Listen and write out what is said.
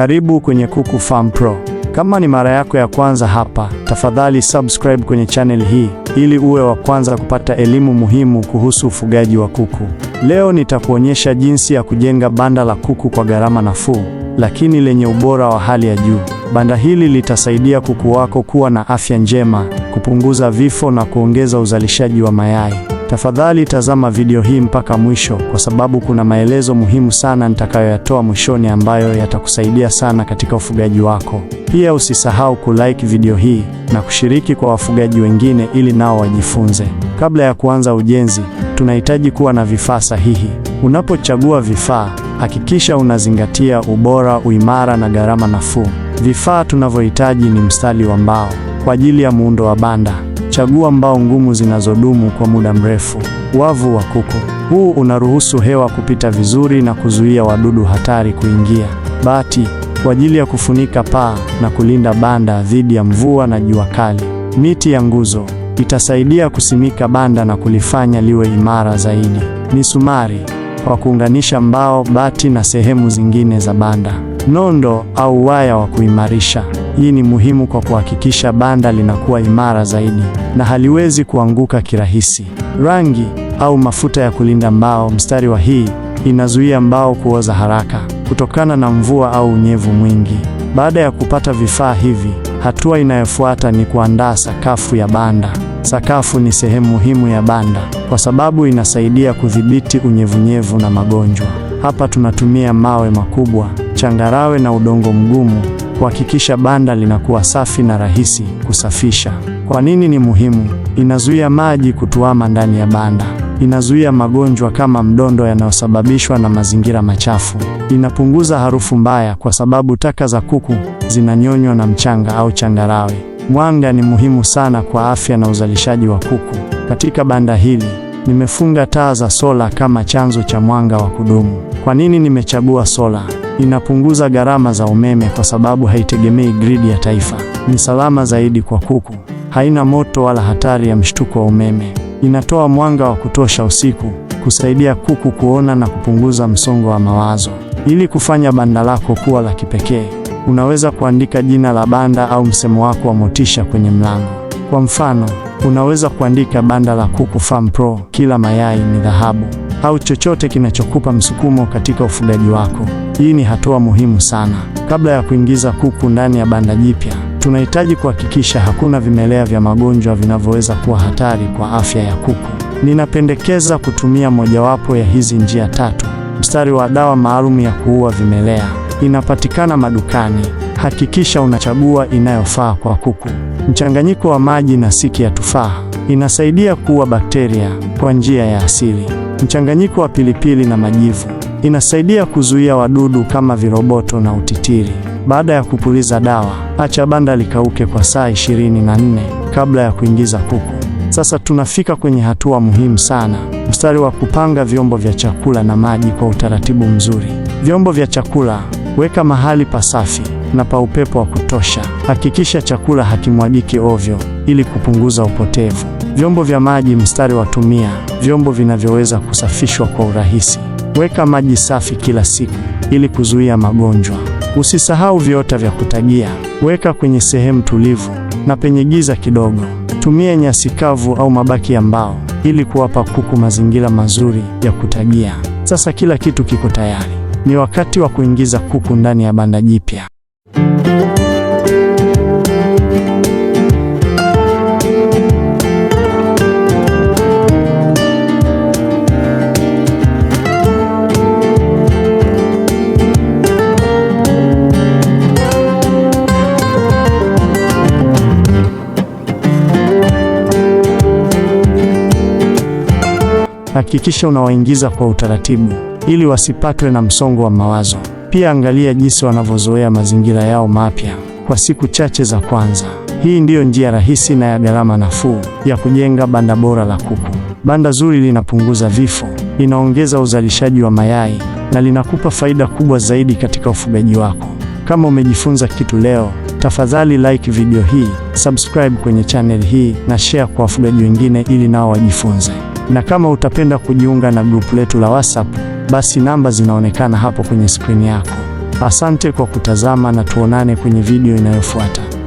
Karibu kwenye Kuku Farm Pro. Kama ni mara yako ya kwanza hapa, tafadhali subscribe kwenye channel hii ili uwe wa kwanza kupata elimu muhimu kuhusu ufugaji wa kuku. Leo nitakuonyesha jinsi ya kujenga banda la kuku kwa gharama nafuu, lakini lenye ubora wa hali ya juu. Banda hili litasaidia kuku wako kuwa na afya njema, kupunguza vifo na kuongeza uzalishaji wa mayai. Tafadhali tazama video hii mpaka mwisho, kwa sababu kuna maelezo muhimu sana nitakayoyatoa mwishoni ambayo yatakusaidia sana katika ufugaji wako. Pia usisahau kulike video hii na kushiriki kwa wafugaji wengine ili nao wajifunze. Kabla ya kuanza ujenzi, tunahitaji kuwa na vifaa sahihi. Unapochagua vifaa, hakikisha unazingatia ubora, uimara na gharama nafuu. Vifaa tunavyohitaji ni mstari wa mbao kwa ajili ya muundo wa banda Chagua mbao ngumu zinazodumu kwa muda mrefu. Wavu wa kuku huu unaruhusu hewa kupita vizuri na kuzuia wadudu hatari kuingia. Bati kwa ajili ya kufunika paa na kulinda banda dhidi ya mvua na jua kali. Miti ya nguzo itasaidia kusimika banda na kulifanya liwe imara zaidi. Misumari kwa kuunganisha mbao, bati na sehemu zingine za banda nondo au waya wa kuimarisha. Hii ni muhimu kwa kuhakikisha banda linakuwa imara zaidi na haliwezi kuanguka kirahisi. Rangi au mafuta ya kulinda mbao mstari wa hii inazuia mbao kuoza haraka kutokana na mvua au unyevu mwingi. Baada ya kupata vifaa hivi, hatua inayofuata ni kuandaa sakafu ya banda. Sakafu ni sehemu muhimu ya banda kwa sababu inasaidia kudhibiti unyevunyevu na magonjwa. Hapa tunatumia mawe makubwa changarawe na udongo mgumu kuhakikisha banda linakuwa safi na rahisi kusafisha. Kwa nini ni muhimu? Inazuia maji kutuama ndani ya banda, inazuia magonjwa kama mdondo yanayosababishwa na mazingira machafu, inapunguza harufu mbaya kwa sababu taka za kuku zinanyonywa na mchanga au changarawe. Mwanga ni muhimu sana kwa afya na uzalishaji wa kuku. Katika banda hili nimefunga taa za sola kama chanzo cha mwanga wa kudumu. Kwa nini nimechagua sola? Inapunguza gharama za umeme kwa sababu haitegemei gridi ya taifa. Ni salama zaidi kwa kuku. Haina moto wala hatari ya mshtuko wa umeme. Inatoa mwanga wa kutosha usiku, kusaidia kuku kuona na kupunguza msongo wa mawazo. Ili kufanya banda lako kuwa la kipekee, unaweza kuandika jina la banda au msemo wako wa motisha kwenye mlango. Kwa mfano, unaweza kuandika banda la Kuku Farm Pro, kila mayai ni dhahabu au chochote kinachokupa msukumo katika ufugaji wako. Hii ni hatua muhimu sana. Kabla ya kuingiza kuku ndani ya banda jipya, tunahitaji kuhakikisha hakuna vimelea vya magonjwa vinavyoweza kuwa hatari kwa afya ya kuku. Ninapendekeza kutumia mojawapo ya hizi njia tatu. Mstari wa dawa maalum ya kuua vimelea inapatikana madukani. Hakikisha unachagua inayofaa kwa kuku. Mchanganyiko wa maji na siki ya tufaha inasaidia kuua bakteria kwa njia ya asili mchanganyiko wa pilipili na majivu. Inasaidia kuzuia wadudu kama viroboto na utitiri. Baada ya kupuliza dawa, acha banda likauke kwa saa 24 kabla ya kuingiza kuku. Sasa tunafika kwenye hatua muhimu sana, mstari wa kupanga vyombo vya chakula na maji kwa utaratibu mzuri. Vyombo vya chakula, weka mahali pasafi na pa upepo wa kutosha. Hakikisha chakula hakimwagiki ovyo ili kupunguza upotevu. Vyombo vya maji mstari wa tumia vyombo vinavyoweza kusafishwa kwa urahisi. Weka maji safi kila siku ili kuzuia magonjwa. Usisahau viota vya kutagia, weka kwenye sehemu tulivu na penye giza kidogo. Tumia nyasi kavu au mabaki ya mbao ili kuwapa kuku mazingira mazuri ya kutagia. Sasa kila kitu kiko tayari, ni wakati wa kuingiza kuku ndani ya banda jipya. Hakikisha unawaingiza kwa utaratibu ili wasipatwe na msongo wa mawazo. Pia angalia jinsi wanavyozoea mazingira yao mapya kwa siku chache za kwanza. Hii ndiyo njia rahisi na ya gharama nafuu ya kujenga banda bora la kuku. Banda zuri linapunguza vifo, linaongeza uzalishaji wa mayai na linakupa faida kubwa zaidi katika ufugaji wako. Kama umejifunza kitu leo, tafadhali like video hii, subscribe kwenye channel hii na share kwa wafugaji wengine ili nao wajifunze na kama utapenda kujiunga na grupu letu la WhatsApp, basi namba zinaonekana hapo kwenye skrini yako. Asante kwa kutazama na tuonane kwenye video inayofuata.